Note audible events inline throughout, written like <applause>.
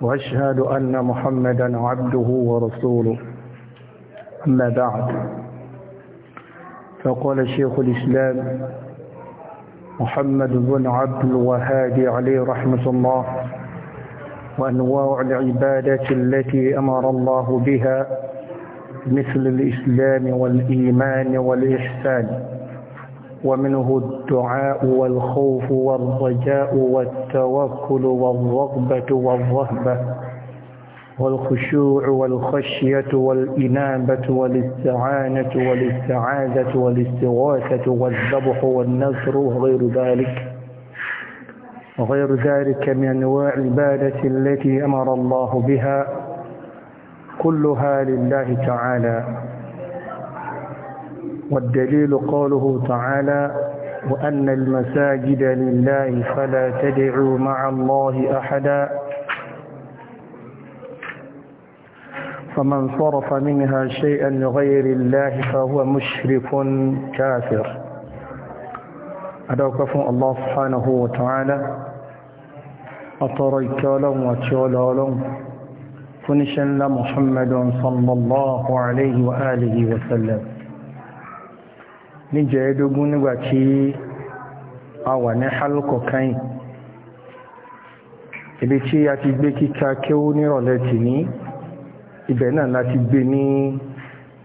واشهد ان محمدا عبده ورسوله اما بعد فقال شيخ الاسلام محمد بن عبد الوهاب عليه رحمه الله وانواع العباده التي امر الله بها مثل الاسلام والايمان والاحسان ومنه الدعاء والخوف والرجاء والتوكل والرغبة والرهبة والخشوع والخشية والإنابة والاستعانة والاستعاذة والاستغاثة والذبح والنصر وغير ذلك وغير ذلك من أنواع العبادة التي أمر الله بها كلها لله تعالى والدليل قوله تعالى وأن المساجد لله فلا تدعوا مع الله أحدا فمن صرف منها شيئا لغير الله فهو مشرك كافر أدوكف الله سبحانه وتعالى أطريك لهم وتعالى لهم فنشن لمحمد صلى الله عليه وآله وسلم níjẹ̀ẹ́dógún nígbàtí a wà ní halkọ̀ kain ibi tí a ti gbé kíkà kéwú nírọ̀lẹ́ tì ní ibẹ̀ náà láti gbé ní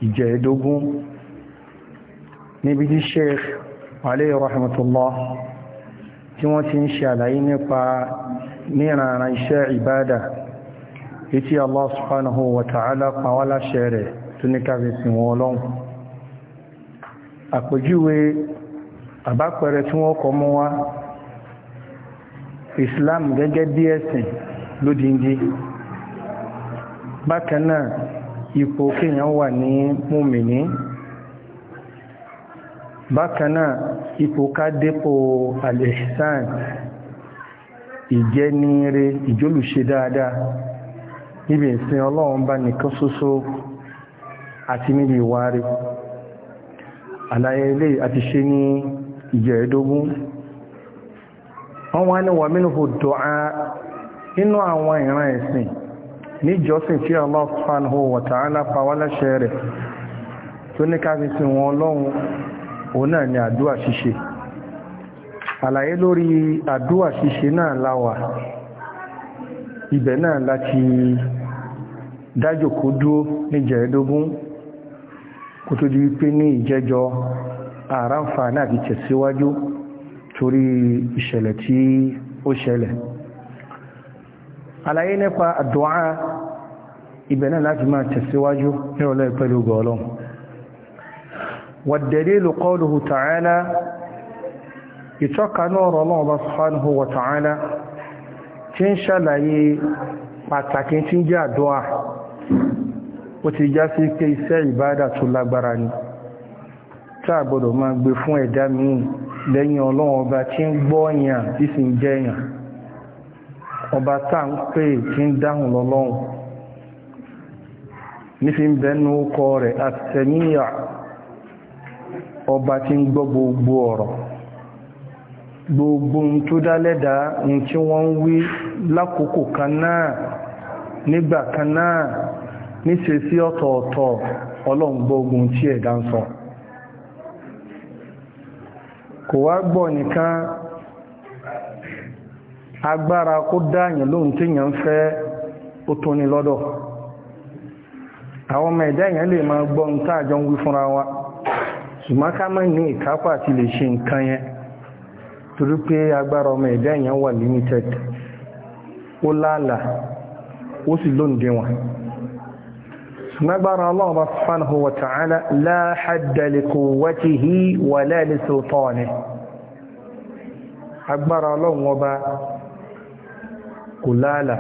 ìjẹ̀ẹ́dógún níbi tí sheikh alayhi rahmatullah tí wọ́n ti ń ṣe àlàyé nípa níranà iṣẹ́ ìbádà Allah subhanahu wa ta'ala pàwọ́láṣẹ́ rẹ̀ tó ní káfíìsì wọn àpèjúwe àbápẹrẹ tí wọ́n kọ mọ́ wá islam gẹ́gẹ́ bí ẹ̀sìn lódindi bákan náà ipò kéèyàn wà ní múmìní bákan náà ipò ká dépò al-ihsan ìjẹniire ìjólùṣe dáadáa níbi ìsìn ọlọ́run bá nìkan ṣoṣo àti níbi àlàyé ilé àti ṣe ní ìjẹ̀ẹ́dógún wọ́n wá ní wàmínúhù dọ́á inú àwọn ìran ẹ̀sìn ní jọ́sìn tí Allah subhanahu wa ta'ala pàwọ́láṣẹ́ rẹ̀ tó ní ká wọn ọlọ́run òun náà ni àdúà ṣíṣe àlàyé lórí àdúà ṣíṣe náà láwà ibẹ̀ náà láti dájòkó kò tó di wípé ní ìjẹjọ àránfààní àti tẹ̀síwájú torí ìṣẹ̀lẹ̀ tí ó ṣẹlẹ̀ àlàyé nípa àdúà ibẹ̀ náà láti máa tẹ̀síwájú ní ọlọ́ pẹ̀lú gọ́ọ̀lọ́n wad-dalilu qawluhu ìtọ́ka náà rọ̀ ó ti já sí pé iṣẹ́ ìbádà tó lágbára ni táà gbọ́dọ̀ máa gbé fún ẹ̀dá míì lẹ́yìn ọlọ́run ọba tí ń gbọ́yàn tí sì ń ọba táà ń pè tí ń dáhùn lọ́lọ́run nífi ń bẹnu kọ rẹ̀ àtẹ̀míyà ọba tí ń gbọ́ gbogbo ọ̀rọ̀ gbogbo tó dá lẹ́dà tí wọ́n ń wí lákòókò kan náà nígbà kan náà níṣe sí ọ̀tọ̀ọ̀tọ̀ ọlọ́ngbógun tí ẹ̀dá ń sọ kò wá gbọ́ nìkan agbára kó dáyàn lóhun tí yàn ń fẹ́ ó tó ní lọ́dọ̀ àwọn ọmọ ẹ̀dá lè máa gbọ́ ń wí fúnra wa ṣùgbọ́n má ní ìkápá àti lè ṣe nǹkan yẹn torí pé agbára ọmọ ẹ̀dá wà limited ó láàlà ó sì ṣùgbọ́n Allah subhanahu wa ta'ala la hadda li quwwatihi wa la li sultanihi agbára ọlọ́run ọba kò láàlà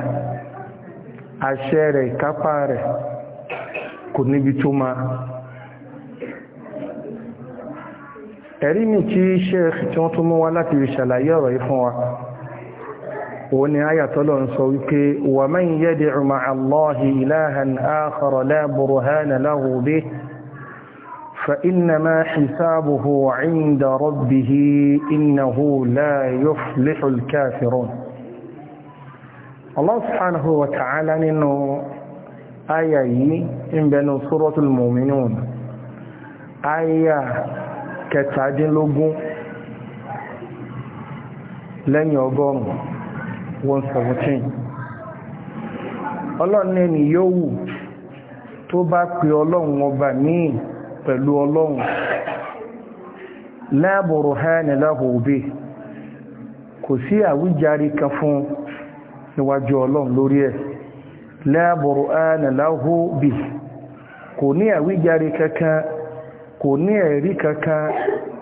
àṣẹ rẹ̀ ìkápá rẹ̀ kò níbi tó máa ẹ̀rí mi kí Sheikh tí wọ́n tó mú wá láti rí ṣàlàyé ọ̀rọ̀ yìí fún wa òun ni ayatollah ń sọ wípé wa man yad'u ma'a Allahi ilahan akhara la burhana lahu bihi فإنما حسابه عند ربه إنه لا يفلح الكافرون الله سبحانه وتعالى إنه آية إن بين سورة المؤمنون آية كتادين لغو لن يغرم 117 ọlọ́run ẹni yóò wù tó bá pe ọlọ́run ọba míì pẹ̀lú ọlọ́run la burhana lahu kò sí àwíjàre kan fún níwájú ọlọ́run lórí ẹ̀ la burhana lahu kò ní àwíjàre kankan kò ní ẹ̀rí kankan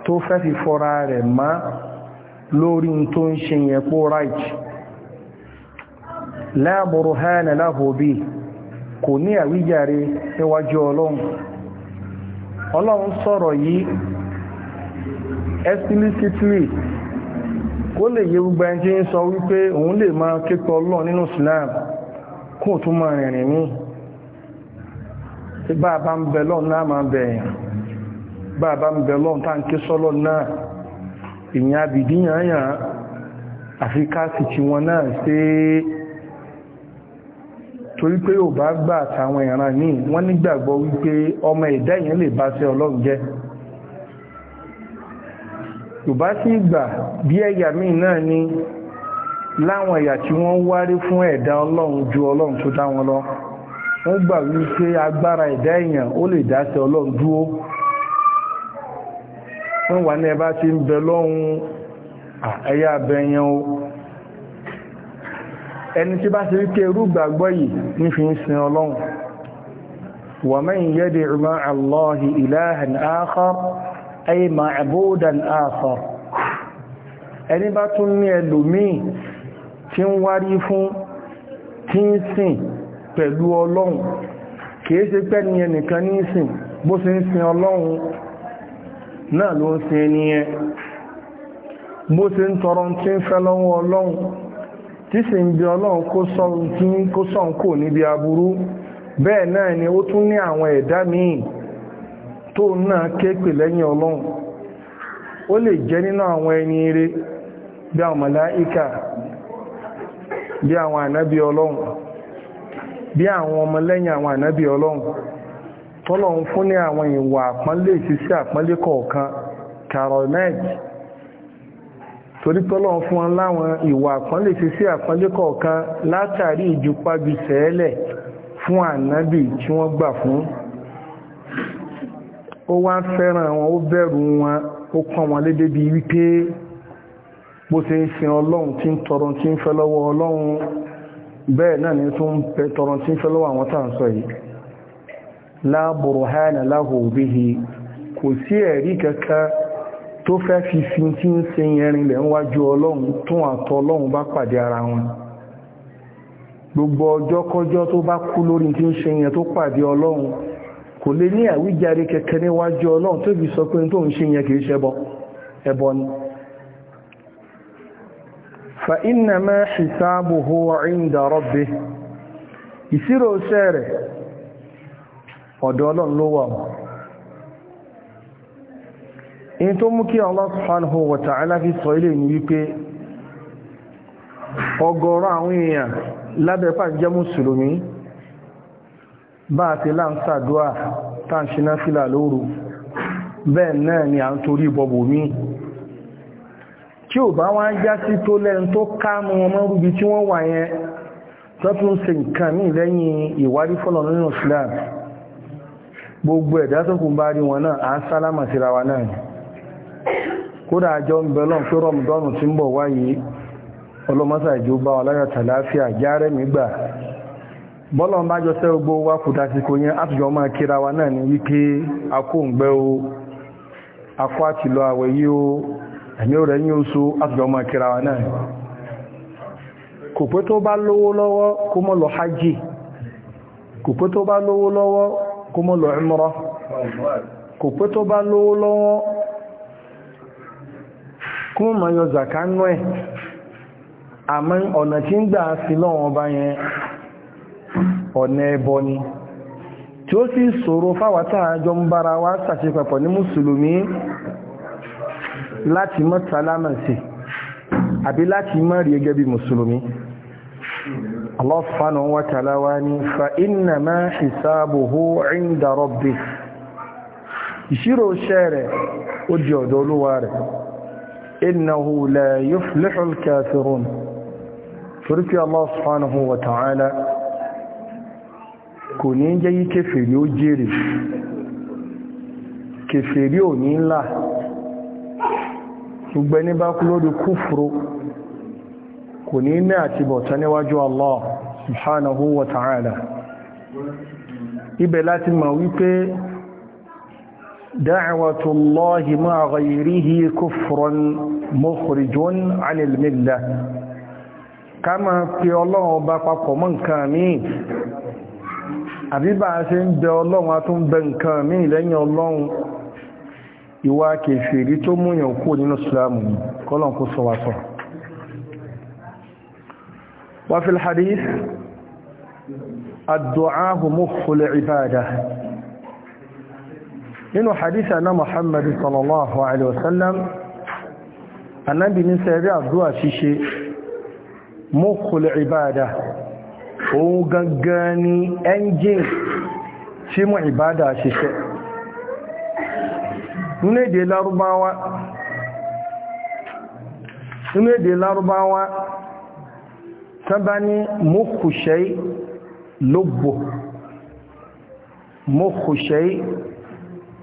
tó fẹ́ fi fọ́ra rẹ̀ má lórí tó ń ṣe yẹn pó right la burhana lahu bihi kò ní àwíjàre níwájú ọlọ́run ọlọ́run sọ̀rọ̀ yìí explicitly kó lè yé gbogbo ẹni tí ń sọ wípé òun lè máa képe ọlọ́run nínú Islam kó tún máa rìnrìn mí bá a bá ń bẹ lọ́run náà máa bẹ̀ bá bá ń bẹ torí pé yóò bá gbà àtàwọn ìran ní wọ́n nígbàgbọ́ wípé ọmọ ẹ̀dá èèyàn lè bá ṣe ọlọ́run jẹ́ yorùbá sì gbà bí ẹ̀yà míì náà ní láwọn ẹ̀yà tí wọ́n wárí fún ẹ̀dá ọlọ́run ju ọlọ́run tó dá wọn lọ wọ́n gbà wípé agbára ẹ̀dá èèyàn ó lè dá ṣe ọlọ́run dúró wọ́n wà ní ẹ bá ti ń bẹ lọ́hùn ẹ̀yà abẹ́yẹn o ẹni tí bá ṣe wípé irú gbàgbọ́ yìí ní fi ń sin ọlọ́run wa man yad'u ma'a Allahi ilahan akhar ay ma'budan akhar ẹni bá tún ní ẹlòmíì tí ń wárí fún tí ń sìn pẹ̀lú ọlọ́run kìí ṣe pẹ́ ní ẹnìkan ní sìn bó ṣe ń sin ọlọ́run náà ló ń sin ẹni yẹn bó ṣe ń tọrọ tí ń fẹ́ lọ́wọ́ ọlọ́run tí sì ń bí ọlọ́run kó sọ́n kò níbi aburú bẹ́ẹ̀ náà ni ó tún ní àwọn ẹ̀dá míì tó náà kéèpè lẹ́yìn ọlọ́run ó lè jẹ́ nínú àwọn ẹni eré bí àwọn màláíkà bí àwọn ànábí ọlọ́run bí àwọn ọmọlẹ́yìn àwọn ànábí ọlọ́run tọ́lọ́run fún ní àwọn ìwà àpọ́nlé ìsísí àpọ́nlé kọ̀ọ̀kan caronet torí tọ́lọ́ fún wọn láwọn ìwà àpọ́nlé sí sí àpọ́nlé kọ̀ọ̀kan látàrí ìjùpájú sẹ́ẹ̀lẹ̀ fún ànábì tí wọ́n gbà fún ó wá fẹ́ràn wọn ó bẹ̀rù wọn ó pọ́n wọn lédè bí wípé bó ṣe ń sin ọlọ́run tí ń tọrọ tí ń fẹ́ lọ́wọ́ ọlọ́run bẹ́ẹ̀ náà ni tó ń pẹ tọrọ tí ń fẹ́ lọ́wọ́ àwọn tá à ń sọ yìí la burhana lahu bihi kò sí ẹ̀rí kankan tó fẹ́ fi fi tí ń ṣe ẹrin lẹ̀ níwájú ọlọ́run tún àtọ ọlọ́run bá pàdé ara wọn gbogbo ọjọ́ kọjọ́ tó bá kú lórí tí ń ṣe yẹn tó pàdé ọlọ́run kò lè ní àwíjàre kẹ̀kẹ́ níwájú ọlọ́run tó fi sọ pé tó ń ṣe yẹn kìí ẹbọ ni fa innama hisabuhu inda rabbih ìṣirò iṣẹ́ rẹ̀ ọ̀dọ̀ ọlọ́run ló wà wọ́n in tó mú kí Allah subhanahu wa ta'ala fi sọ ilé ní wípé ọgọ́rọ̀ àwọn èèyàn lábẹ́pà jẹ́ mùsùlùmí bá àti láǹsàdúà tàn ṣíná sílà lóru bẹ́ẹ̀ náà ni à ń torí bọ̀bọ̀ mí tí ò bá wọ́n já sí tó lẹ́n tó ká mú wọn rúbi tí wọ́n wà yẹn tó tún ṣe nǹkan ní lẹ́yìn ìwárí fọ́lọ̀ nínú Islam gbogbo ẹ̀dá tó kùn bá rí wọn náà à ń sálámà síra wa náà kódà àjọ ń bẹ lọ́n pé ń bọ̀ wáyé ọlọ́mọ́sà ìjọba ọláyọ̀ tàláfíà járẹ́ mi gbà bọ́lọ̀ bá jọ sẹ́ wa kò yẹn àtùjọ ọmọ kíra wa náà ní wípé akóǹgbẹ́ o àti lọ àwẹ̀ yí o rẹ̀ yí o so kíra lọ hajj kò pé tó lọ kò pé kí wọ́n máa yọ zàká ọ na ọ̀nà tí ń gbà sí ọ bá yẹn ni tí ó sì ṣòro fáwátà àjọ ń bára wá sàṣepapọ̀ ní mùsùlùmí láti mọ́ sálámà sí àbí láti mọ́ rí gẹ́gẹ́ mùsùlùmí fa innama hisabuhu 'inda rabbih ìṣirò ṣẹ́ rẹ̀ ó di innahu la yuflihul kafirun torí pé Allah subhanahu wa ta'ala kò ní jẹ́ yí kèfèrí ó jèrè kèfèrí ò ní ńlá ṣùgbẹ́ ní bá kú lórí kúfúrú kò ní ní Allah subhanahu wa ta'ala ibẹ̀ láti mọ̀ wípé دعوة الله مع غيره كفر مخرج عن الملة كما في الله بقى من كامي àbí bá a ṣe ń bẹ ọlọ́run a tún bẹ nǹkan mí lẹ́yìn ọlọ́run ìwà kèfèrí tó múyàn kú nínú islamu ni kọ́lọ̀n kó sọ wá sọ wá fil hadith ad-du'a mukhul ibadah nínú hadith ana Muhammad sallallahu alaihi wasallam anábì ní sẹ́rí àdúrà ṣíṣe mọ́kùlù ìbáadà òun gangan ni ẹ́ńjìn tí mọ́ ìbáadà ṣiṣẹ́ nínú èdè lárúbáwá nínú èdè lárúbáwá sábá ní mọ́kùṣẹ́ lóbò mọ́kùṣẹ́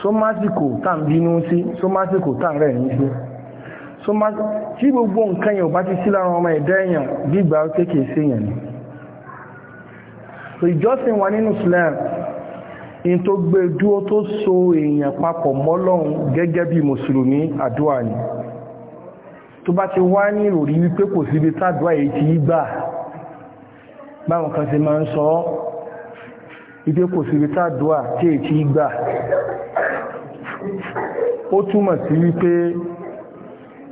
sọmásìkò tá ń bínú sí sọmásìkò tá ń rẹ̀ ní sí tí gbogbo nǹkan yẹn ò bá ti sí lára ọmọ ẹ̀dá èèyàn gbígbà ó kéèkèé sí èèyàn ni so ìjọsìn wa nínú Islam in tó gbé dúó tó so èèyàn papọ̀ mọ́lọ́run gẹ́gẹ́ bí mùsùlùmí àdúrà ni tó bá ti wá ní ìròrí wípé kò síbi tádùá èyí ti gbà báwọn kan ti máa ń sọ ọ́ ìdí kò sí rítà dùà tí è ti gbà ó túmọ̀ sí wípé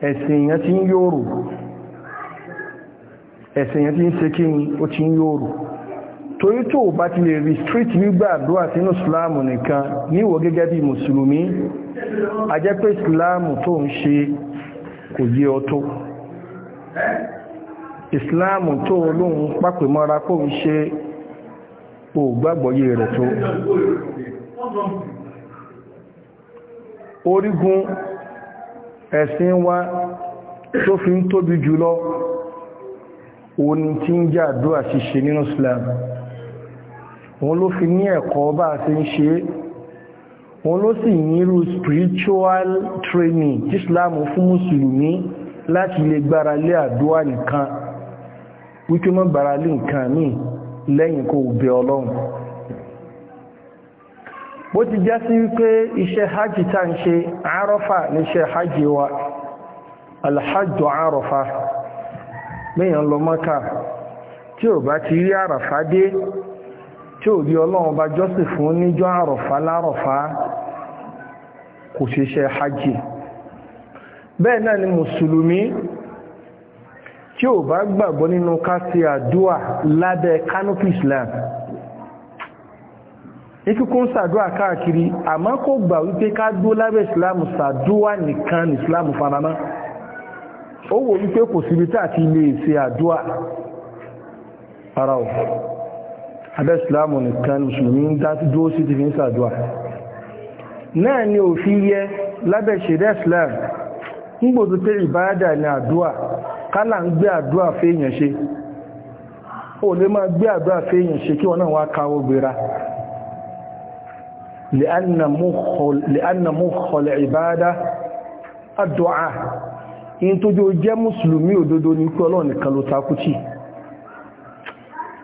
ẹ̀sìn èèyàn ti ń yóòrò ẹ̀sìn èèyàn ti ń ṣe kí ni ó ti ń yóòrò torí tó bá ti lè restrict gbígbà àdúrà sínú islamu nìkan níwọ̀ gẹ́gẹ́ bí mùsùlùmí a jẹ́ pé islamu tó ń ṣe kò yé ọ tó tó olóhun pápẹ̀ kó ń ṣe o gbàgbọ́yé rẹ̀ tó orígun ẹ̀sìn wa tó fi ń tóbi jùlọ òní tí ń jẹ́ àdúrà ṣíṣe nínú Islam wọn ló fi ní ẹ̀kọ́ bá a ṣe ń ṣe wọn ló sì nírú spiritual training tí Islam fún mùsùlùmí láti lè gbára lé àdúrà nìkan wípé mọ́ gbára lé nǹkan míì lẹ́yìn kó bẹ ọlọ́run bó ti já sí wípé iṣẹ́ hajj tá ń ṣe àárọ́fà ní iṣẹ́ hajj wa alhajjọ àárọ̀fà mẹ́yàn lọ mọ́ká tí ò bá ti rí àràfà dé tí ò rí ọlọ́run bá jọ́sìn fún níjọ́ àrọ̀fà lárọ̀fà kò ṣe iṣẹ́ hajj bẹ́ẹ̀ náà ni mùsùlùmí tí o bá gbàgbọ́ nínú ká ṣe labe lábẹ́ canopy islam ikúkú ń sàdúà káàkiri àmọ́ kò gbà wípé ká dó lábẹ́ islam sàdúà nìkan ní islam faramá ó wò wípé kò síbi tí àti ilé ṣe ara ò abẹ́ islam nìkan mùsùlùmí ń dá dúó sí ti fi ń sàdúà náà ni òfin yẹ lábẹ́ ṣẹ̀dá islam ń gbòdó pé ìbáradà ni àdúà kálà ń gbé àdúrà fèèyàn ṣe ó lè máa gbé àdúrà fèèyàn ṣe kí wọn náà wá káwó gbéra lẹ́ànà mú kọlẹ̀ ìbáadá àdúà in tó jẹ́ jẹ́ mùsùlùmí òdodo ní pé ọlọ́run nìkan ló takútì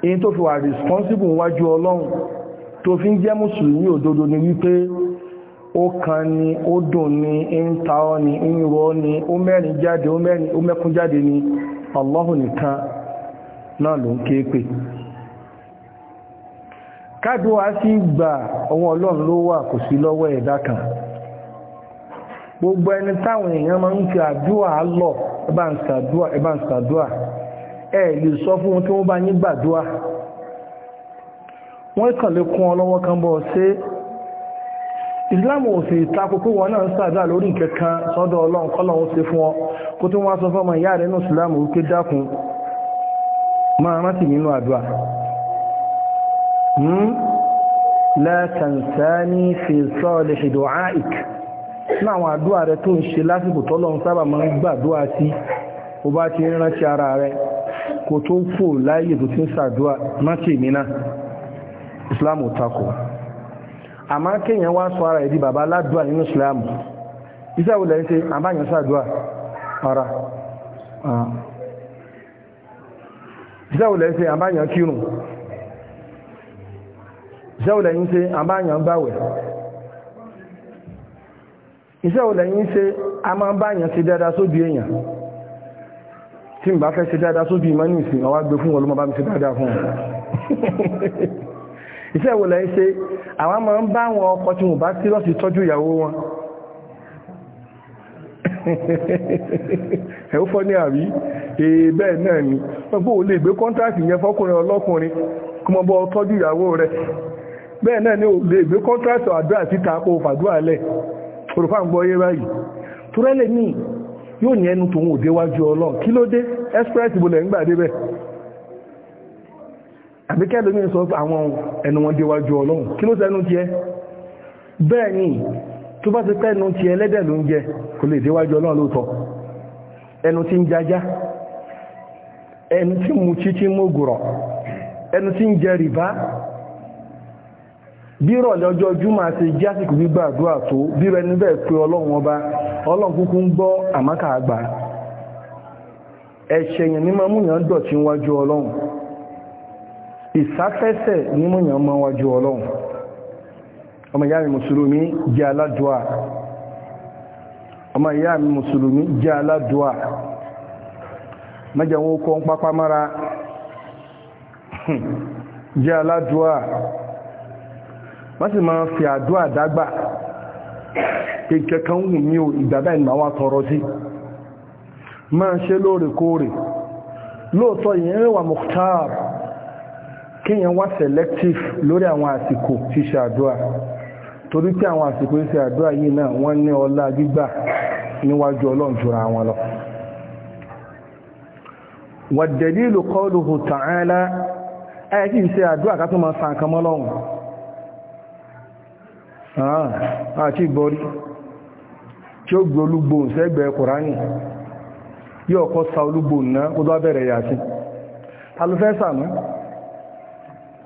in tó fi wà responsible wájú ọlọ́run tó fi ń jẹ́ mùsùlùmí òdodo ní wípé ó kan ni ó dùn ni ń ta ọ́ ni ń rọ́ ni ó mẹ́rin jáde ó jáde ni nìkan náà ló ń ké pè sí gbà ọwọ́ ọlọ́run ló wà kò sí gbogbo ẹni táwọn èèyàn máa ń fi lọ ẹbá ń sàdúà sọ fún wọn tí wọ́n bá ọ lọwọ kan bọ ìsìláàmù ò sì takò pé wọn náà ń sàdá lórí nǹkankan sọ́dọ̀ ọlọ́run kọ́lọ́run ṣe fún ọ kó tó wá sọ fọ́mọ ìyá rẹ̀ nínú ìsìláàmù wípé dákun máa rántí nínú àdúrà hmm? la tansani fi salihi du'aik ní àwọn àdúrà rẹ tó ń ṣe lásìkò tọ́lọ́run sábà máa ń ti rántí ara rẹ àmọ́ kéèyàn wá sọ ara ìdí bàbá aládùá nínú islam iṣẹ́ wo lẹ́yìn ṣe àbáyàn sàdùá ara iṣẹ́ wo lẹ́yìn ṣe àbáyàn kírun iṣẹ́ wo lẹ́yìn ṣe àbáyàn gbàwẹ̀ iṣẹ́ wo lẹ́yìn ṣe a máa báyàn ṣe dáadáa sóbi èèyàn tí n bá fẹ́ ṣe dáadáa sóbi ìmọ̀ ní ìsìn ọwá gbé fún ọlọ́mọ bá mi ṣe dáadáa fún ọ <laughs> iṣẹ́ ìwò lẹ́yìn ṣe àwọn máa ń bá wọn ọkọ tí wọ́n bá sí lọ́sì tọ́jú ìyàwó wọn <laughs> ẹ̀wú fọ́ ní àrí bẹ́ẹ̀ náà ni ọgbọ́ ò lè gbé kọ́ntàkì yẹn fọ́kùnrin ọlọ́kùnrin kí mọ́ bọ́ tọ́jú ìyàwó rẹ̀ bẹ́ẹ̀ náà ni ò lè gbé kọ́ntàkì àdúrà síta kó fàdúrà lẹ̀ òrùfà ń gbọ́ yé báyìí torẹ́lẹ̀ míì yóò ní ẹnu tòun òdéwájú ọlọ́run kí ló dé express ìbò lẹ̀ ń gbà débẹ̀ àbíkẹ́ lómi sọ pé àwọn ẹnu wọn déwájú ọlọ́run kí ló sẹ́nu tiẹ̀ bẹ́ẹ̀ ni tó bá ti pẹ́ ẹnu tiẹ̀ ẹlẹ́dẹ̀ ló ń jẹ kò lè déwájú ọlọ́run lóòótọ́ ẹnu tí ń jajá ẹnu tí mu títí mógùrọ̀ ẹnu tí ń jẹ rìbá bírọ̀ wájú ọlọ́run ìsáfẹ́sẹ̀ nímúyàn mọ́ wájú ọlọ́run ọmọ ìyá mi mùsùlùmí jẹ́ aládùá ọmọ ìyá mi mùsùlùmí jẹ́ aládùá mẹ́jẹ̀ wọn kọ́ ń pápá mára <laughs> jẹ́ aládùá wọ́n sì máa fi àdúà dágbà pé kẹkàn wù mí o ìgbàgbà ìmọ̀ àwọn tọrọ sí máa ṣe lóòrèkóòrè lóòtọ́ ìyẹn mọ̀kútàrù kéèyàn wá selective lórí àwọn àsìkò ṣíṣe àdúrà torí pé àwọn àsìkò ṣíṣe àdúrà yìí náà wọ́n ní ọlá gbígbà níwájú ọlọ́run wọn lọ wàdẹ̀lílù qawluhu ta'ala ẹ̀ kí n ṣe àdúrà ká ma máa sa nǹkan àti ah, ìgbọ́rí tí ó gbé olúgbòhùn sẹ́gbẹ̀ẹ́ kùránì yóò kọ́ sa olúgbòhùn náà kó yàtí ta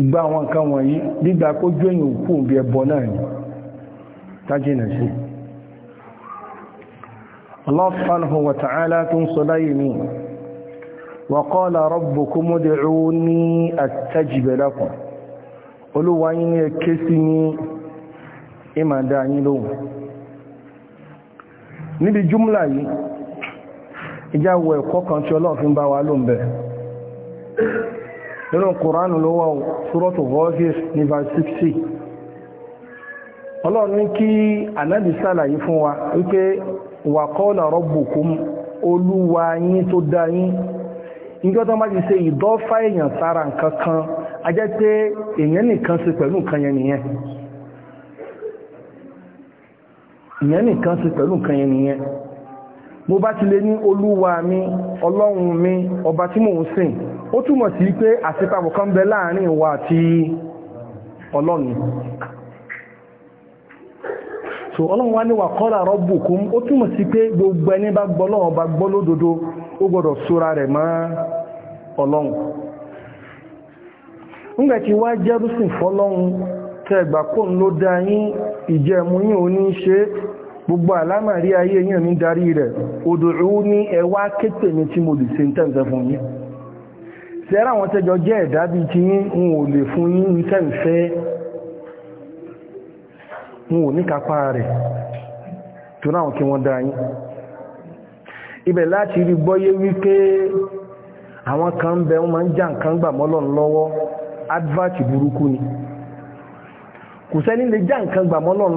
ìgbà àwọn nǹkan wọ̀nyí gbígbà kó jú èyàn òkú òbí ẹbọ náà ni tájìnà sí Allah subhanahu wa ta'ala tó ń sọ láyé ní wa qala rabbukum ud'uni astajib lakum olúwayín ní ẹké sí ní ìmàdá yín lóhun níbi jùmlà yìí ìjáwọ̀ ẹ̀kọ́ kan tí Ọlọ́run nínú kòránù ló wà ṣúrọ́tù Ghafir ní 60 ọlọ́run ní kí anábì sàlàyé fún wa wípé wà qala rabbukum olúwa yín tó dá yín nígbà tó bá ti ṣe ìdọ́fà èèyàn sára nǹkan kan a jẹ́ pé èèyàn nìkan pẹ̀lú nǹkan yẹn nìyẹn mo bá ti mi ọlọ́run mi ọba tí mò ń sìn ó túmọ̀ sí pé àṣepapọ̀ kan bẹ láàrin ìwà àti so ọlọ́run wá ní wà kọ́lá rabbukum ó túnmọ̀ sí pé gbogbo ẹni bá gbọ́ ọba bá dodo ó gbọ́dọ̀ sóra rẹ̀ mọ́ ọlọ́run ńgbà wá jẹ́rúsìn fọ́lọ́run tẹ́gbà kó ń ló dá yín yín gbogbo ayé yín ní darí rẹ̀ odò ní ẹwà kéte tí mo lè tẹ́rà àwọn tẹ́jọ jẹ́ ẹ̀dá bíi ti yín ń ò lè fún yín ń tẹ́ǹfẹ́ ń ò ní kápá rẹ̀ tó náà kí wọ́n dá ibẹ̀ láti rí gbọ́yé wípé àwọn kan bẹ wọ́n máa ń já nǹkan gbà ni kò sẹ́ni lè já nǹkan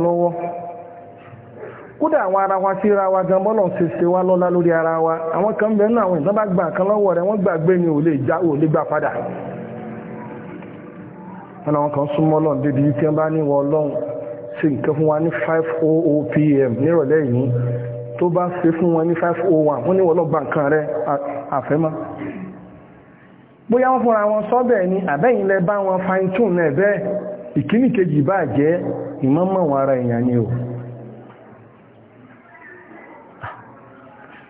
lọ́wọ́ kódà àwọn ara wa sí ra wa gan bọ́lọ̀ ṣe ṣe wá lọ́lá lórí ara wa àwọn kan bẹ̀rẹ̀ náà àwọn ìtàn bá gbà kan lọ́wọ́ rẹ̀ wọ́n gbàgbé ni ò lè já ò lè gbà padà wọn àwọn kan súnmọ́ lọ́n débi tí wọ́n bá ní wọ ọlọ́run ṣe nǹkan fún wa ní 5:00 pm nírọ̀lẹ́ yìí tó bá ṣe fún wọn ní 5:01 wọ́n ní wọ́n lọ́ba nǹkan rẹ̀ àfẹ́mọ́ bóyá wọ́n fúnra wọn sọ́bẹ̀ ni àbẹ́yìn lẹ bá wọn fine tune náà bẹ́ẹ̀ ìkíní bá jẹ́ ìmọ̀mọ̀ wọn ara èèyàn ni o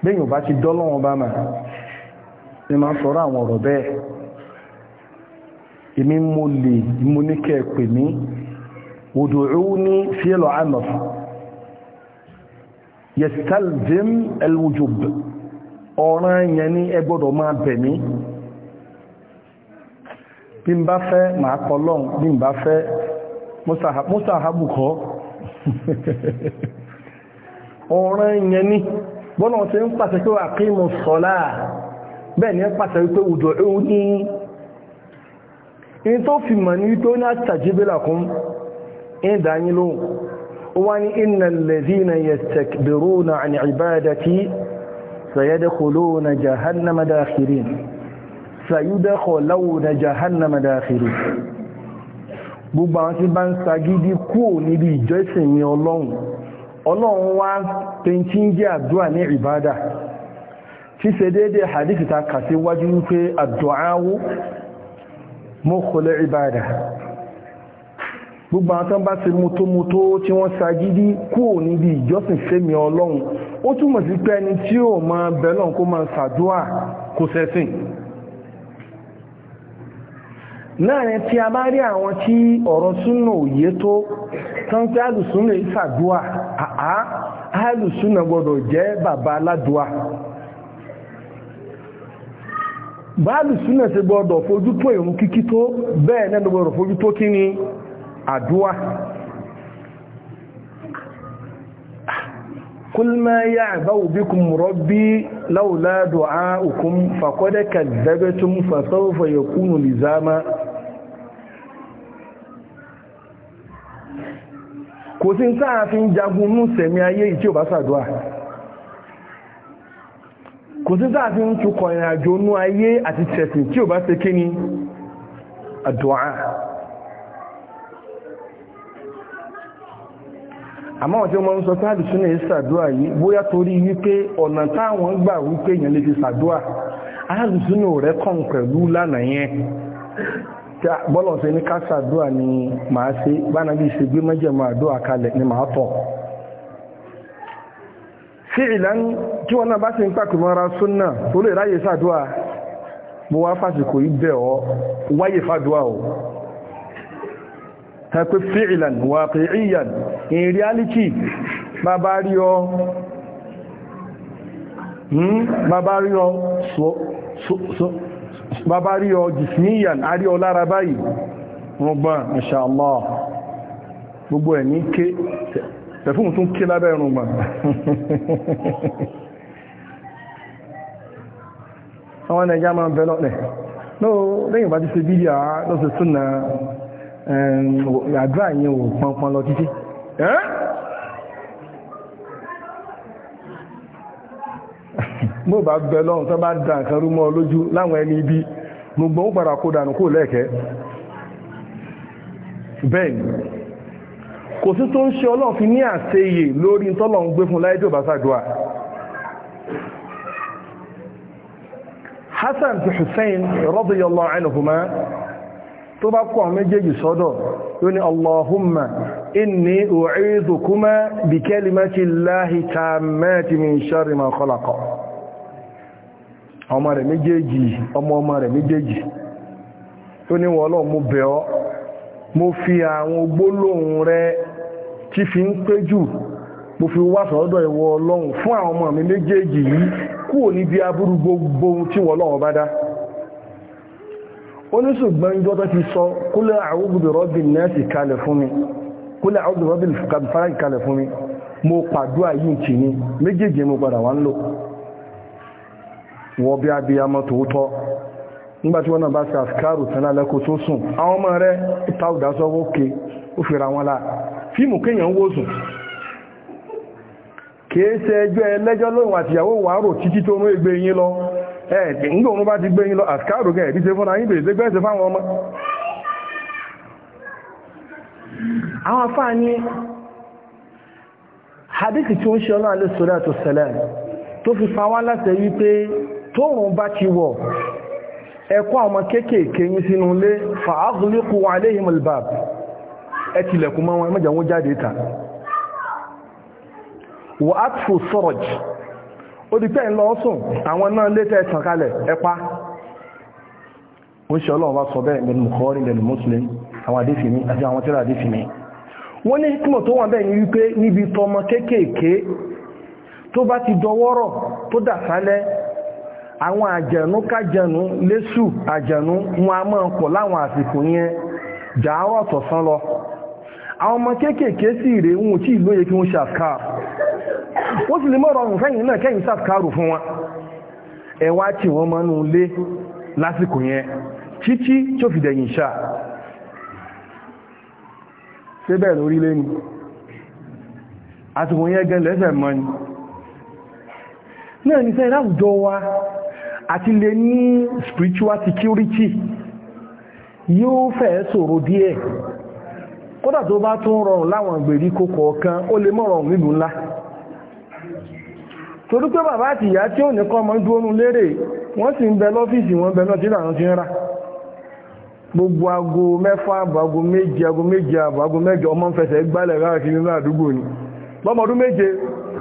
bẹ́yìn ò bá ti dọ́lọ́wọ́n bá mà ní máa sọ̀rọ̀ àwọn ọ̀rọ̀ bẹ́ẹ̀ èmi mo lè mo ní kẹ́ pè mí odò òun ní fílọ̀ àmọ̀ yẹ̀stálvim elwujub ọ̀ràn yẹn ní ẹ máa bẹ̀ mí bí n bá fẹ́ màá kọ́ lọ́n bí n bá fẹ́ mọ́sàhábù kọ́ <laughs> ọ̀ràn yẹn ní bọ́nà ti ń pàṣẹ pé wà kí mọ̀ sọ́lá bẹ́ẹ̀ ni ń pàṣẹ wípé òdò ẹ̀hún ní in tó fi mọ̀ ní tó ní àtàjíbélà kún ìdáyín lóhun ó wá ní innal ladhina yastakbiruna an ibadati sayadkhuluna jahannama dakhirin sayadkhuluna jahannama dakhirin ọlọ́run wá pẹ̀ntí ń jẹ́ àdúrà ní ìbádà tí ṣe dédé hadithi ta kà sí wájú wípé àdúráwó mọ́kànlẹ̀ ìbádà gbogbo àwọn tán bá ti mútómútó tí wọ́n sagídí kúrò níbi ìjọsìn fẹ́mi ọlọ́run ó túmọ̀ sí pé tí ó máa bẹ̀lọ́n kó máa ṣàdúà kó sẹ́sìn láàrin tí a bá rí àwọn tí ọ̀rọ̀ súnà òye tó tán tí alùsúnà ìfàdúà àá alùsúnà gbọdọ̀ jẹ́ bàbá aládùà bá alùsúnà ṣe gbọdọ̀ fojú tó ìrun kíkí tó bẹ́ẹ̀ náà gbọdọ̀ fojú tó kí ni àdúà قل ما يعبأ بكم ربي لولا دعاؤكم فقد كذبتم فسوف يكون لزاما kò sí táà fi ń jagun ní sẹ̀mí ayé ìtí ò bá sàdúwà kò sí táà fi ń tukọ̀ ìrìnàjò ní ayé àti tẹ̀sìn tí ò bá ṣe ni àdúwà àmọ́ àwọn tí wọ́n ń sọ táàdì súnà yìí sàdúà yìí bóyá torí wípé ọ̀nà táwọn gbà wípé èèyàn lè fi sàdúà aláàdì súnà rẹ̀ kàn pẹ̀lú lánàá yẹn bọ́lọ̀ ṣe ní ká sàdúà ni màá ṣe báná bí ṣe gbé mẹ́jẹ̀mọ́ àdúà kalẹ̀ ni màá tọ̀ sí ìlànà tí wọ́n náà bá ṣe ń pàkó mọ́ra súnà tó lè ráyè sàdúà mo wá fásitì yìí bẹ̀ ọ́ wáyè fàdúà o in reality bàbá rí ọ hmm, bàbá rí ọ bàbá rí ọ jìsníyàn àrí ọ lára báyìí wọ́n gbọ́n ìṣàlá gbogbo ẹ̀ ní ké tẹ̀fún tún ké lábẹ́ ẹ̀rùn gbọ́n <laughs> àwọn nàìjá máa bẹ̀ lọ́lẹ̀ lẹ́yìn bá ti ṣe bídíà lọ́sẹ̀ súnà àdúrà yẹn ò lọ títí <laughs> mo ba gbe lọ nkan ba da nkan rumo loju lawon eni bi gbogbo n para ko danu ko leke ben ko si to n se olo ni aseye lori ntọlọ n gbe fun laye to basa hassan ti hussein rọ́bí yọ lọ ainihu ma to ba kọ mejeji sọdọ yóò ni inni u'idhukuma bi kalimati llahi tammati min sharri ma khalaqa ọmọ rẹ̀ méjèèjì ọmọ ọmọ rẹ̀ méjèèjì tó ní wọ́lọ́ mú bẹ̀ ọ́ mo fi àwọn rẹ̀ tí fi ń pé jù mo fi wá sọ́dọ̀ ìwọ ọlọ́run fún àwọn ti sọ kúlẹ̀ kalẹ̀ kólẹ̀ àwọn ọdún fara ìkalẹ̀ fún mo pàdúrà yìí kì ní ọ mo nígbàtí wọ́n náà bá ṣe àfikárù tánà tó sùn àwọn ọmọ rẹ̀ òkè ó fèrà wọn láà fíìmù kéèyàn wó sùn kìí ṣe ẹjọ́ ẹlẹ́jọ́ lóhun àtìyàwó wà títí tó mú ẹgbẹ́ lọ àwọn afáà ní hadithi tí ó ń ṣe ọlọ́run alẹ́ sọ́lá tó sẹlẹ̀ tó fi fa wá láti wípé tóòrùn bá ti wọ̀ ẹ̀kọ́ àwọn kéékèèké yín sínú ilé fàáhùlẹ́kù aléhìm albab ẹ tilẹ̀kùn mọ́ wọn mẹ́jọ wọ́n jáde ta wà á tfò sọ́rọ̀j ó di pẹ́ ń lọ sùn àwọn náà létẹ̀ ẹ̀tàn kalẹ̀ ẹpa ó ṣe ọlọ́run wá sọ bẹ́ẹ̀ lẹ́nu Bukhari Muslim àwọn àdífì mi àti àwọn tíra àdífì mi wọ́n ní hikmọ̀ tó wà bẹ́ẹ̀ ní wípé níbi tọmọ kéékèèké tó bá ti dọwọ́rọ̀ tó dàsálẹ̀ àwọn àjẹ̀nú kájẹ̀nú lésù àjẹ̀nú wọn a máa pọ̀ láwọn àsìkò yẹn jàárọ̀ tọ̀sán lọ àwọn ọmọ kéékèèké sì rèé wọn tí ìlóye fi dẹ̀yìn ṣáà ṣé bẹ́ẹ̀ lórí ni, ní àsìkò yẹn gan lẹ́sẹ̀ mọ́ ni náà ní sẹ́yìn láwùjọ wa àti lè ní spiritual security yóò fẹ́ ṣòro díẹ̀ kódà tó bá tún rọrùn láwọn ìgbèríko kọ̀ọ̀kan ó lè mọ́ rọrùn nílùú ńlá torí pé bàbá àti ìyá tí ò ní kọ́ ọmọ dúró nú lérè wọ́n sì ń bẹ lọ́fíìsì wọn bẹ náà tí ìlànà ti ń ra gbogbo ago mẹ́fà àbọ̀ aago méje aago méje àbọ̀ aago mẹ́jọ ọmọ ń fẹsẹ̀ gbálẹ̀ káàkiri nínú àdúgbò ni lọ́mọdún méje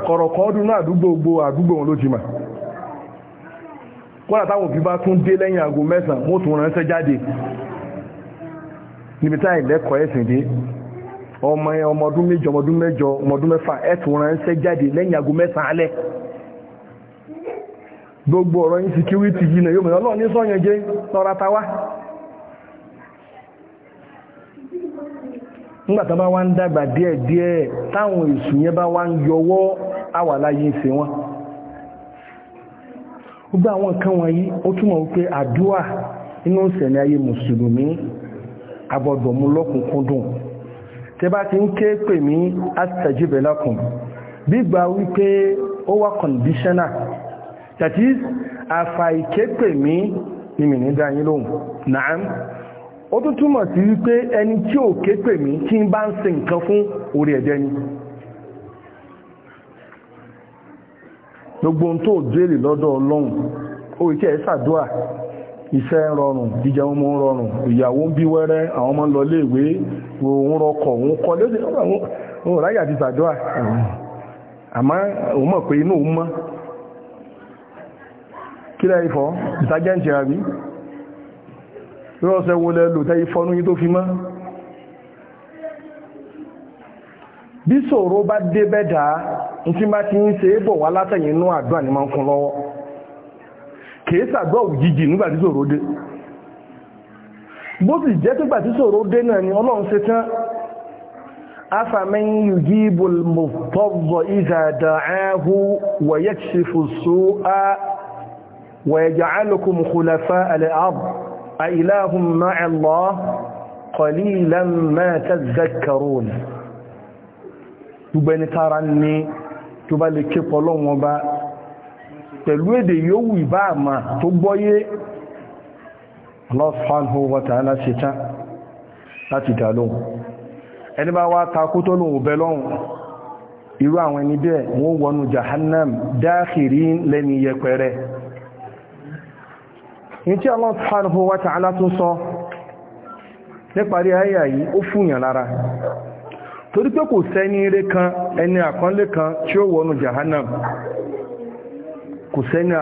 kọ̀rọ̀kọ́ ọdún àdúgbò gbogbo àdúgbò wọn ló ti kọ́nà táwọn òbí bá tún dé lẹ́yìn aago mẹ́sàn mo ránṣẹ́ jáde níbi táà ìlẹ́kọ̀ọ́ nígbàtà bá wá ń dàgbà díẹ̀ díẹ̀ táwọn èsù yẹn bá wá ń yọwọ́ àwàláyé ṣe wọn gbogbo àwọn nǹkan wọ̀nyí ó túmọ̀ wípé àdúà inú ìṣẹ̀lẹ̀ ayé mùsùlùmí abọ́dọ̀mú lọ́kùnkúndùn tẹ bá ti ń ké pè mí astajibelakun gbígba wípé ó wá conditioner that is àfàìké pè mí ìmìnira yín lóhùn náà ó tún túmọ̀ sí wípé ẹni tí ò ké pè mí tí ń bá ń ṣe nǹkan fún orí ẹ̀jẹ̀ ni gbogbo ohun tó délè lọ́dọ̀ ọlọ́run ó ìkẹ́ ẹ̀ ṣàdúrà iṣẹ́ ń rọrùn jíjẹun mú ń rọrùn ìyàwó ń bí wẹ́rẹ́ àwọn ọmọ ń lọ léèwé òun rọkọ̀ òun kọ lóde òun ráyà ti ṣàdúrà àmọ́ òun mọ̀ pé inú òun mọ́ kí lẹ́yìn fọ́ ìtajẹ́ǹtì àbí rọ́ọ̀sẹ̀ wo lẹ́lò tẹ́yí fọ́nú yí tó fi mọ́ bí ṣòro bá dé bẹ́dà tí bá ti ń ṣe é bọ̀ wá látẹ̀yìn inú àdúrà ní máa ń kún lọ́wọ́ kìí sàdúrà òjijì nígbà tí ṣòro dé bó sì jẹ́ pígbà tí ṣòro dé náà ni ọlọ́run ṣe tán afaman yujibu al-mudtarra idha da'ahu wa yakshifu as-su'a wa yaj'alukum khulafa'a al-ard أإله مَعَ اللَّهِ قَلِيلًا مَا تذكرون gbogbo ẹni tára ní tó bá lè ké pọ̀lọ́wọ́n bá pẹ̀lú èdè yóò wù bá àmà tó gbọ́yé Allah subhanahu wa ta'ala ṣetá láti dá lóhùn ẹni bá wá takú tó lóhùn bẹ lọ́hùn irú àwọn ẹni bẹ́ẹ̀ wọ́n wọnú jahannam dákìrí lẹ́ni yẹpẹrẹ ní tí Allah subhanahu wa ta'ala tún sọ níparí ayà ó fúnyàn lára torí pé kò sẹ́ni kan ẹni àpọ́nlé kan tí ó wọnú jahannam kò sẹ́ni sọ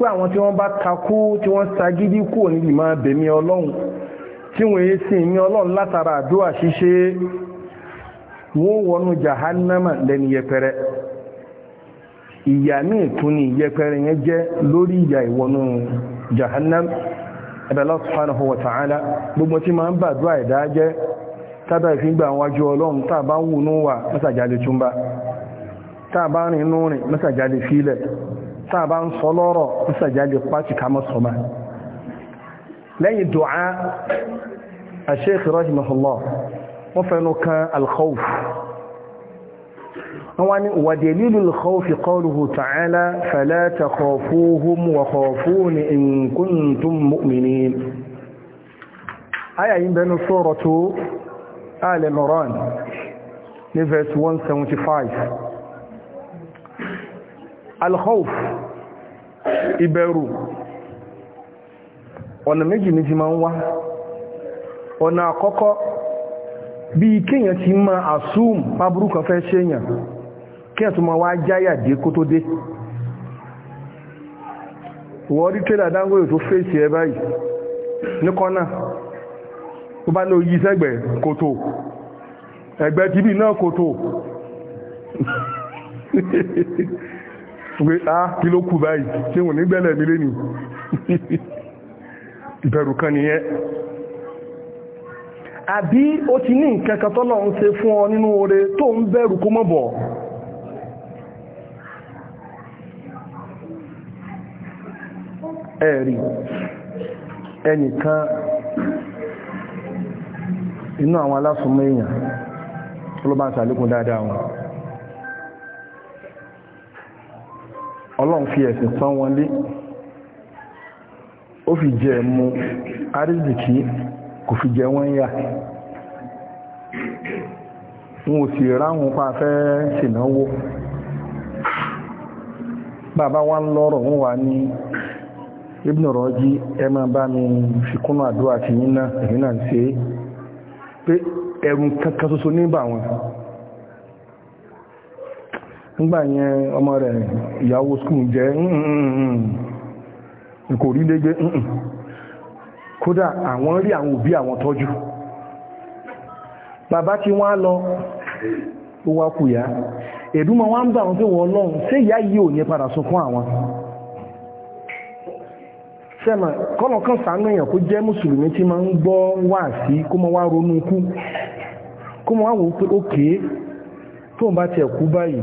pé àwọn tí wọ́n bá takú tí wọ́n sagidi kúrò nílùú máa bẹ̀mí ọlọ́run tí wọ́n sí ọlọ́run látara àdúrà ṣíṣe wọ́n wọnú jahannama lẹ́ni yẹpẹrẹ ìyà míì tún ní yẹpẹrẹ yẹn jẹ́ lórí ìyà ìwọnú jahannam ẹ̀bẹ̀lá subhanahu wa ta'ala gbogbo tí ma ń bàdúrà ẹ̀dá jẹ́ tábà ìfíngbà wájú ọlọ́run tàbá wùnú wà mẹ́sàjáde túnbá tàbá rìn núrin mẹ́sàjáde fílẹ̀ tàbá ń sọ lọ́rọ̀ mẹ́sàjáde pàtì kamọ́ sọmá lẹ́yìn dùá àṣẹ́kì rahimahullah wọ́n fẹ́nu kan alkhawf wọ́n ni wàdẹ̀lìlù alkhawfi qawluhu ta'ala fala takhafuhum wa khafuni in kuntum mu'minin ayayin bẹnu suratu al-imran ní verse 175 alkhawf ìbẹ̀rù ọ̀nà méjì méjì máa ń wá ọ̀nà àkọ́kọ́ bí kíyàn ti ma assume pàbúrú kan fẹ́ ṣèyàn kíyàn tó ma wá jáyàdé kó tó dé wọ́n rí tẹ́lẹ̀ Dangote tó fèsì ẹ báyìí ní kọ́nà tó bá lóò yí sẹ́gbẹ̀ kòtò ẹgbẹ́ tìbí náà kòtò pé á ah, kí ló kù báyìí tí wọ́n nígbẹ̀lẹ̀ mi lé ìbẹ̀rù kan nìyẹn àbí ó ti ní nǹkan tọ́lọ̀ ń ṣe fún ọ nínú oore tó ń bẹ̀rù kó mọ́ bọ̀ ẹ̀rí ẹnìkan inú àwọn alásùnmọ́ èèyàn ló bá ń sàlékún dáadáa wọn ọlọ́run fi ẹ̀sìn pán wọn lé ó fi jẹ mú àrísìkí kò fi jẹ wọ́n ya? wọn ò sì ráhùn pa fẹ́ ṣìnáwó bàbá wa lọ́rọ̀ wọn wà ní ibùnrọ̀ Rọ́jí ẹ bá mi fikúnnà ti pé ẹ̀rùn kankan ṣoṣo wọn nígbà yẹn ọmọ rẹ̀ ìyàwó skul jẹ́ mm, mm, mm, kò rí dégbé kódà àwọn rí àwọn òbí àwọn tọ́jú bàbá tí wọ́n lọ ó wá kù yá ẹ̀dùnmọ̀ wọ́n ń bà wọn pé wọ́n lọ́run ṣé ìyá yìí ò ní padà sọ fún àwọn sẹ́mà kọ́nà kan sàánú èèyàn kó jẹ́ mùsùlùmí tí máa ń gbọ́ wà sí kó mọ́ wá ronú kú kó mọ́ wá pé ókè tó ń bá tiẹ̀ kú báyìí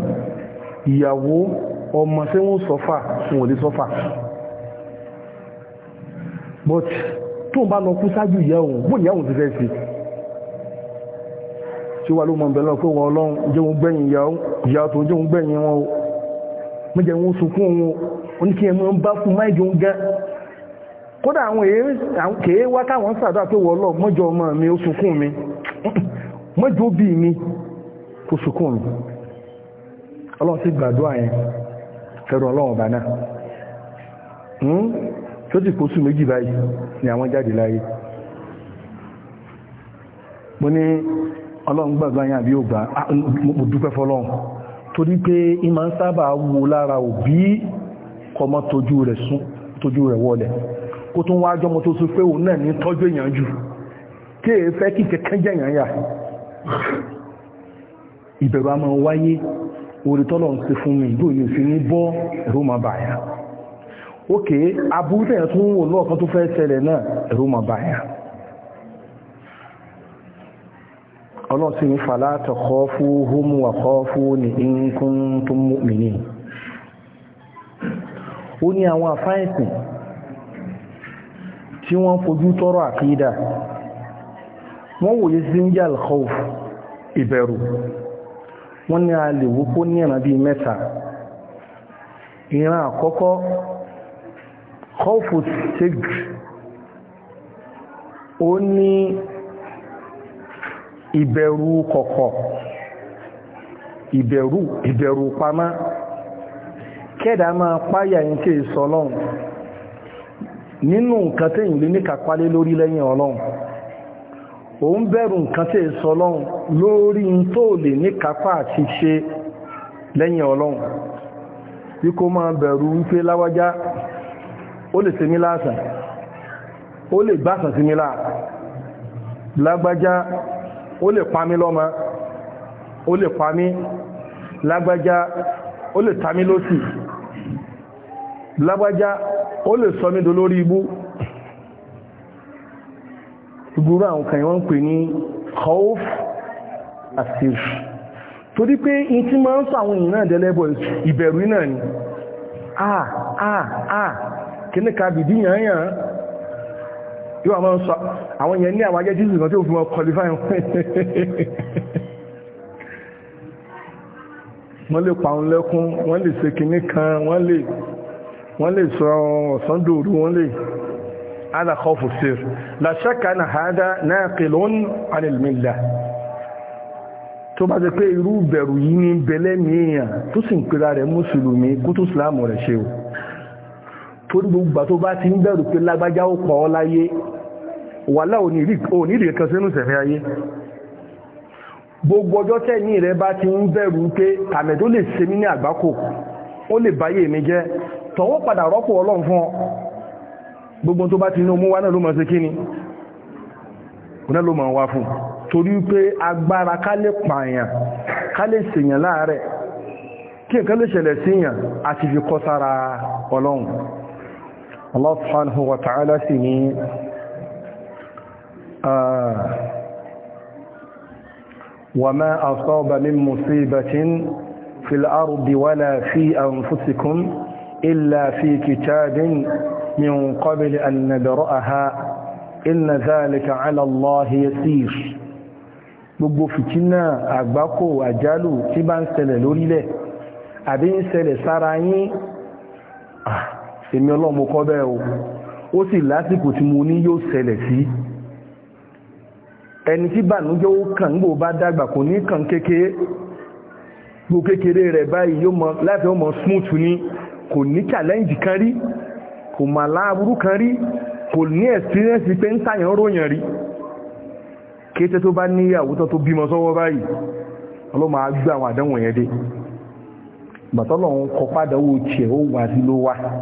ìyàwó ọmọ sẹ́wọ̀n sọ́fà fún òde sọ́fà but tó ń bá lọ kú ṣáájú ìyá òun bó ìyá òun ti fẹ́ sí tí wà ló mọ̀ bẹ̀rẹ̀ lọ pé wọn ọlọ́run jẹun gbẹ̀yìn ìyá tó jẹun gbẹ̀yìn wọn o mẹ́jẹ wọn sunkún wọn oníkí ẹmọ ń bá fún máìjọ ń gán kódà àwọn kèé wá káwọn sàdọ́ àpé wọ́n lọ mọ́jọ ọmọ mi ó sunkún mi <clears throat> mọ́jọ bí mi ó sunkún mi ọlọ́run sì gbàdúrà yẹn fẹ́ràn ọlọ́run ọ̀bà náà hmm? tó ti kó sùn méjì báyìí ni àwọn jáde láyé mo ní ọlọ́run gbàgbà yàn àbí ògbà mo dúpẹ́ fọlọ́run torí pé ìmọ̀ ń sábà wo lára òbí kọmọ tójú rẹ̀ sún tójú rẹ̀ wọlẹ̀ kó tún wá jọmọ tó sún pé òun náà ní tọ́jú èèyàn jù kí kí kẹ́kẹ́ jẹ̀yàn yà ìbẹ̀rù a máa wáyé orí tọ́lọ̀ ń ṣe fún mi ìdóòyìn sí ní bọ́ ẹ̀rọ máa bàyà ókè aburú tẹ̀yẹ̀ tún wò lọ́ọ̀kan tó fẹ́ ṣẹlẹ̀ náà ẹ̀rù mọ̀ báyà ọlọ́sìn fàlá tọ̀kọ́ fún hómù àkọ́ fún ní nǹkan tó mú mi ní ó ní àwọn àfáìsìn tí wọ́n fojú ìbẹ̀rù wọ́n ní a lè wúkó ní ẹ̀ràn bíi mẹ́ta ìran àkọ́kọ́ kọ́fù ṣéjì ó ní ìbẹ̀rù kọ̀kọ̀ ìbẹ̀rù ìbẹ̀rù pamá kẹ́dà máa páyà yìí tí èso ọlọ́run nínú nǹkan tí ìlú ní kàpálé lórí lẹ́yìn ọlọ́run ó ń bẹ̀rù nǹkan tí èso ọlọ́run lórí tó lè ní kápá àti ṣe lẹ́yìn ọlọ́run bí kó máa bẹ̀rù wípé láwájá ó lè ṣe mí láàṣà ó lè gbáṣà sí mi láà lágbájá ó lè pa mí lọ́mọ ó lè pa mí lágbájá ó lè ta mí lóṣì lágbájá ó lè sọ mí dolórí ibú gbúrú àwọn kan wọ́n pè ní khawf asif torí pé in tí máa ń sọ àwọn èèyàn náà dẹ́lẹ́bọ̀ ìbẹ̀rù náà ni ah ah ah kíní ka bìdí yàn yàn yóò àwọn sọ àwọn yẹn ní àwọn ajẹ́ jésù kan tí ó fi wọn qualify wọn <laughs> wọ́n lè pa òun lẹ́kún wọ́n lè ṣe kìíní kan wọ́n lè wọ́n lè sọ ọ̀sán dòru wọ́n lè alákọ̀ fòsìr làṣẹ́kà náà hádá náà kìlọ́n alìlmìlá tó bá jẹ́ pé irú bẹ̀rù yìí ní bẹ̀lẹ́ mìíràn tó sì ń pèrà rẹ̀ mùsùlùmí kó rẹ̀ ṣe o torí gbogbo tó bá ti ń bẹ̀rù pé lágbájá ó pọ̀ ọ́ láyé wàhálà onídìí kan sínú sẹ̀mí ayé gbogbo ọjọ́ tẹ́ni rẹ bá ti ń bẹ̀rù pé àmì tó lè ṣe mí ní àgbákò ó lè báyé mi jẹ́ tọ̀wọ́ padà rọ́pò ọlọ́run fún ọ gbogbo tó bá ti kí ni náà ṣẹlẹ̀ síyàn àti fi kọ́ sára ọlọ́run Allah subhanahu wa ta'ala sì ní wa ma asaba min musibatin fil ardi wala fi anfusikum illa fi kitabin min qabli an nadra'aha inna dhalika 'ala Allah yasir gbogbo fìtínà àgbákò àjálù tí bá ń ṣẹlẹ̀ lórílẹ̀ àbí ń ṣẹlẹ̀ sára yín ah, èmi ọlọ́mọ kọ́ o ó sì lásìkò tí mo ní yóò ṣẹlẹ̀ sí ẹni tí bànújẹ́ ó kàn ń gbò bá dàgbà kò ní kàn kékeré mọ láti ọmọ smooth ni kò ní challenge kan rí kò mà láàbúrú kan rí kò ní experience pé ń tàyàn ròyàn rí kété tó bá níyàwó tán tó bímọ sọ́wọ́ báyìí ọlọ́mọ á gbé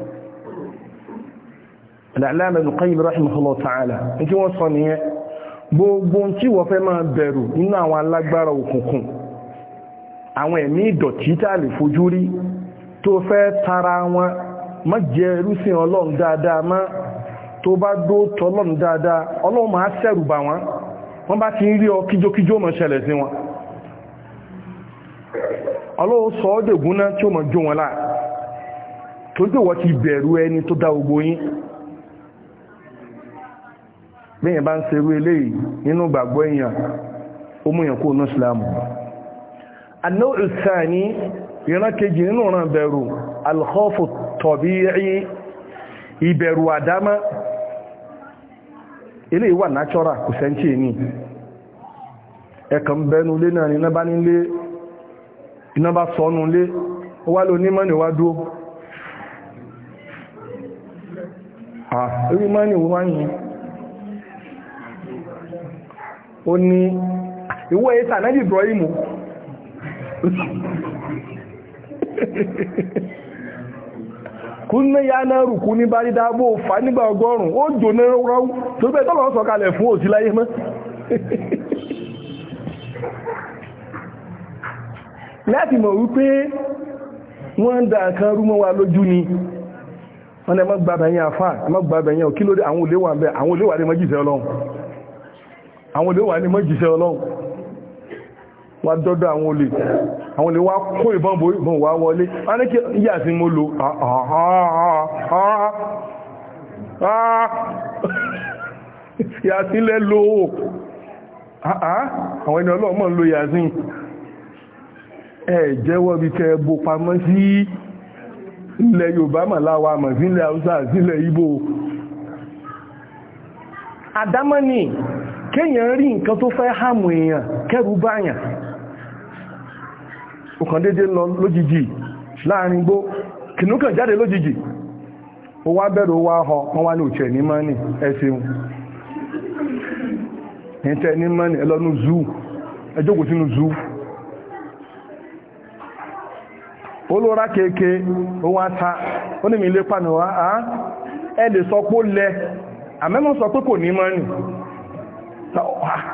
Al-Allama Ibn Qayyim rahimahullah ta'ala ní tí wọ́n sọ gbogbo nti wọ́n fẹ́ ma bẹ̀rù n'inu àwọn alágbára òkùnkùn àwọn ẹ̀mí ìdọ̀tí tá to fojú tara wọn má jẹ irúsìn ọlọ́run dáadáa má to bá dó tọ́lọ́run dáadáa ọlọ́run máa ṣẹ̀rù wọn sọ wọn ẹni bẹ́yìn bá ń eléyìí nínú gbàgbọ́ ní kejì nínú ọ̀ràn bẹ̀rù al-khawfu at ìbẹ̀rù àdámá eléyìí wà natural kò sẹ́ńtì ní ẹ̀kàn bẹnu lé náà iná bá bá sọ́nù lé ó ní ìwọ ètà náà Ibrahim kú ní ya náà kú ní bá rí dábò fà nígbà ọgọ́rùn ó jò ní rọ́wú tó bẹ́ tọ́lọ̀ sọ kalẹ̀ fún òsì láyé mọ́ láti mọ̀ wípé wọ́n ń da nǹkan rúmọ́ wa àwọn olè wà ní mọ́jíṣẹ́ ọlọ́run wà dọ́dọ̀ àwọn olè àwọn olè wá kó ìbọn bò ìbọn wà wọlé a ní kí yà sí mo lò ah, ah, ah, <laughs> yàtílẹ̀ lò àwọn ẹni ọlọ́run mọ́ lò yàtín ẹ jẹ́wọ́ bí kẹ bó pamọ́ kéèyàn rí nǹkan tó fẹ́ hàmù èèyàn kẹrù báyàn ọkàn dédé lọ láàrin gbó kìnnúkàn jáde lójijì ó wá bẹ̀rù wá họ wọ́n wá ní òtù ẹ̀ní mọ́ni ẹ̀sìn ẹ̀tẹ́ ẹ̀ní mọ́ni ẹlọ́nu zoo ẹjọ́kù sínú zoo olóra kéèké ó wá ta ó ní mi wá ẹ lè sọ lẹ àmẹ́mọ́ kò ní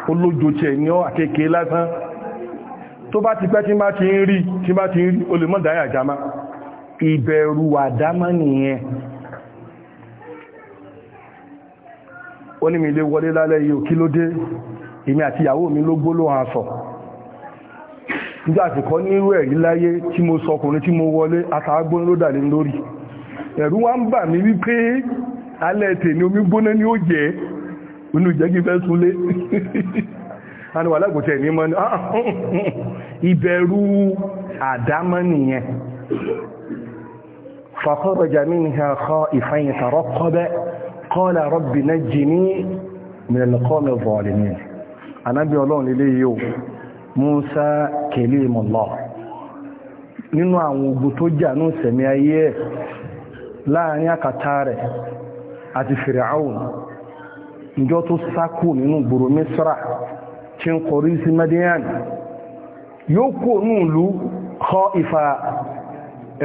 olójo tí ẹ̀ ní ọ́ àkẹ́kẹ́ lásán tó bá ti pẹ́ tí bá ti ń rí tí bá ti ń rí olèmọ́dáyà àjámá ìbẹ̀rù àdámá nìyẹn ó ní mi lè wọlé lálẹ́ yìí kí ló dé èmi àti ìyàwó mi ló gbólóhùn aṣọ nígbà tí kọ́ omi gbóná ni ó jẹ́ inú ìjẹ́gí fẹ́ súnlé àwọn alágùntẹ̀ ní mọ́ ah, ah, ah, ìbẹ̀rù àdámọ́ nìyẹn fàkọ́rọ̀jà minha kha'ifan yataraqqab qala rabbi najjini min al-qawmi adh-dhalimin anábí ọlọ́run ní ìsẹ̀mí ayé láàrin àti Fir'aun ìjọ tó sákò nínú gbòrò misra tí ń kọrí sí madian yóò kò núlù kọ ìfà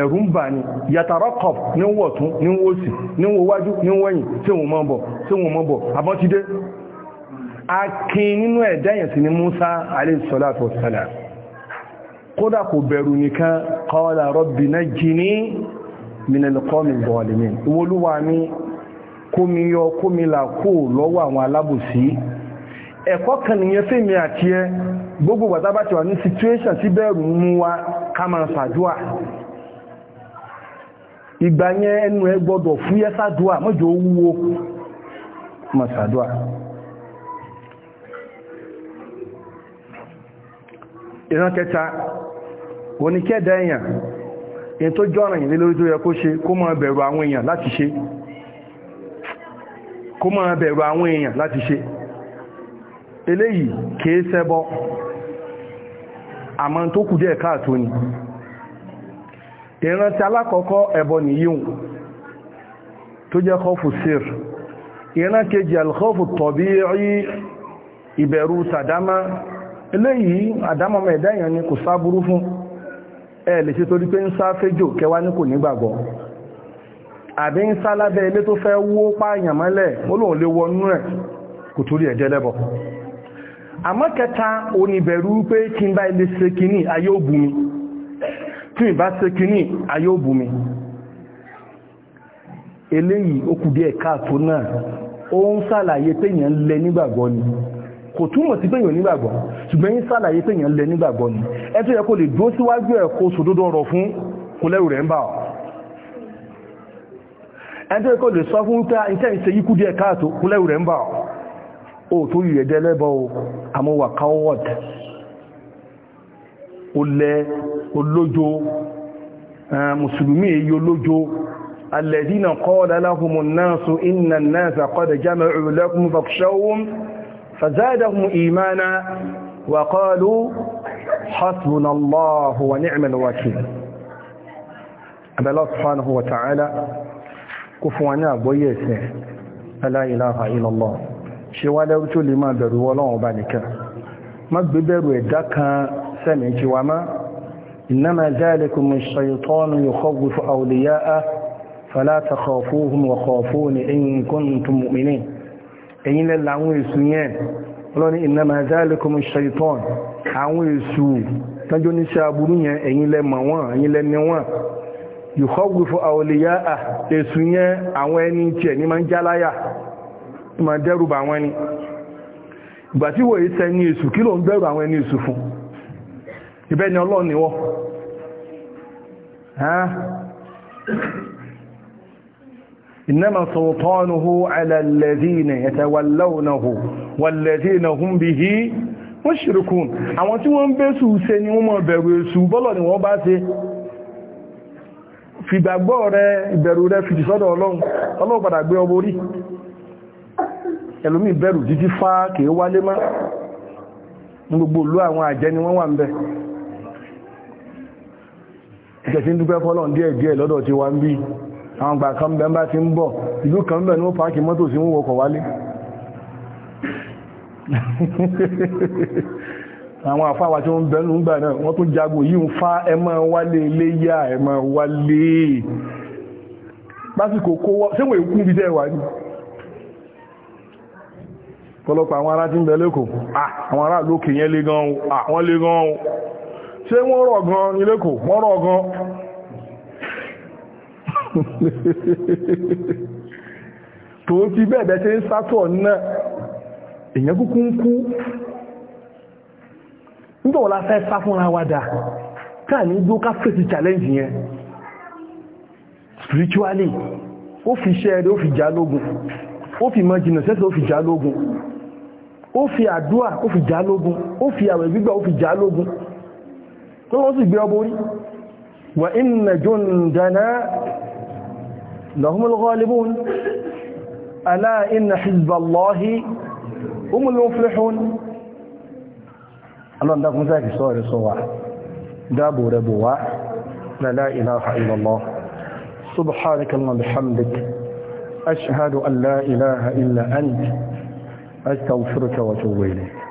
ẹ̀rù ń bà ní yàtàrọ́kọ̀ níwọ̀tún níwọ̀sì níwọ̀wájú níwọ̀yìn tí wọ́n mọ́ bọ̀ tí wọ́n mọ́ bọ̀ abọ́tídé akin nínú ẹ̀dáyẹ̀ sí kómi yọ kómi là kó lọ́wọ́ àwọn alábòsí ẹ̀kọ́ kan nìyẹn fèmí àti ẹ gbogbo bàtà wà ní situation tí bẹ́ẹ̀rù mú wa ká máa ṣàdúà ìgbà yẹn ẹnu ẹ gbọ́dọ̀ fúyẹ́ ṣàdúà mọ́jọ wúwo máa ṣàdúà ìran kẹta oníkẹ́dà èèyàn èyí tó jọ́ràn tó yẹ kó ṣe kó máa bẹ̀rù àwọn èèyàn láti ṣe kó máa bẹ̀rù àwọn èèyàn láti ṣe eléyìí kìí ṣẹbọ àmọ́ tó kù díẹ̀ káàtó ni ìrántí alákọ̀ọ́kọ́ ẹbọ nìyíun tó jẹ́ kọfù sír ìran kejì alkọfù tọ̀bí rí ìbẹ̀rù sàdámá eléyìí àdámọ́ mẹ́ẹ̀dá èèyàn ni kò sáburú fún ẹ àbí ń sá lábẹ́ ilé tó fẹ́ wó pààyàn mọ́lẹ̀ ó lóun lè wọnú ẹ̀ kò torí ẹ̀ jẹ́lẹ́bọ àmọ́ kẹta oníbẹ̀rù pé kí n bá ilé ṣe kíní ayé ó bú mi tí ìbá ṣe kíní ayé ó bú mi eléyìí ó kù díẹ̀ náà ó ń sàlàyé péyàn lẹ nígbàgbọ́ ni kò túmọ̀ sí péyàn nígbàgbọ́ ṣùgbọ́n yín sàlàyé péyàn lẹ nígbàgbọ́ ni ẹ tó yẹ kó lè dúró síwájú ẹ̀ kó ọ̀rọ̀ fún kò lẹ́rù rẹ̀ ń bà ọ́ ẹni tó kò lè sọ fún pé iṣẹ́ ìṣe ikú díẹ̀ káàtó kúlẹ̀wù rẹ̀ ń bà ó tó rí rẹ̀ dẹ́lẹ́bọ̀ àmọ́wà coward olẹ́ olójó mùsùlùmí èyí olójó alẹ́dínà qala lahumu Abẹ́lá Subhanahu wa ta'ala kó fún wa ní àgbọ́yé ẹ̀sìn la ilaha illallah ṣe wá lẹ́rú tó lè máa bẹ̀rù ọlọ́run ọba nìkan má gbé bẹ̀rù ẹ̀dá kan sẹ́mi kí wa má innama zalikum ash-shaytanu yukhawwifu awliya'ahu fala takhafuhum wa khafuni in kuntum mu'minin ẹ̀yin yùkọ́gbùfò àwòlìyá à ah, èsù yẹn àwọn ẹni tí ẹ̀ ní ma ń jáláyà ma dẹ́rùbà àwọn ẹni ìgbà tí wòye sẹ ní èsù kí ló ń dẹ́rù àwọn ẹni èsù fún ibẹ́ ni ọlọ́run ni wọ́ إنما سلطانه على الذين يتولونه والذين هم به مشركون àwọn tí wọ́n ń bẹ́sù ṣe ni wọ́n mọ̀ bẹ̀rù èsù fìgbàgbọ́ rẹ ìbẹ̀rù rẹ fìdí sọ́dọ̀ ọlọ́run ọlọ́run padà gbé ọmọ orí ẹlòmí ìbẹ̀rù títí fá kìí wálé má ní gbogbo olú àwọn àjẹ́ ni wọ́n wà ń bẹ ìjẹ̀sí ń dúpẹ́ fọ́lọ̀ díẹ̀ díẹ̀ lọ́dọ̀ kan ti ń bọ̀ ìlú kan bẹ̀ ní ó mọ́tò sí <laughs> àwọn àfáwà tí wọ́n bẹ̀rù ńgbà náà wọ́n tún jago yìí ń fa ẹmọ wálé léyà ẹmọ wálé lásìkò kó wọ́ síwọ̀n èkú bí tẹ́ wà ní pọ̀lọpọ̀ àwọn ará tí ń bẹ lẹ́kọ̀ọ́ àwọn ará lókè yẹn lé gan wọ́n lé gan ṣé wọ́n rọ̀ gan ní lẹ́kọ̀ọ́ wọ́n rọ̀ gan <laughs> tó ti bẹ́ẹ̀ bẹ́ẹ̀ ṣe ń sátọ̀ náà èèyàn kúkú ń kú nígbà wọ́n la fẹ́ sá fúnra wa dà káà ní gbó ká fèsì challenge yẹn spiritually ó fi iṣẹ́ rẹ̀ ó fi jà lógun ó fi mọ jìnà sẹ́sẹ̀ ó fi jà lógun ó fi àdúà ó fi jà ó fi àwẹ̀ gbígbà ó fi jà tó wọ́n sì gbé ọbọ̀ orí wà inna jundana lahumul ghalibun ọlọ́run dákun sáà kìí sọ rẹ̀ sọ wa dáàbò rẹ̀ bò wá la ilaha illallah subhanaka wa bihamdik ashhadu an la ilaha illa ant astaghfiruka wa atubu ilayk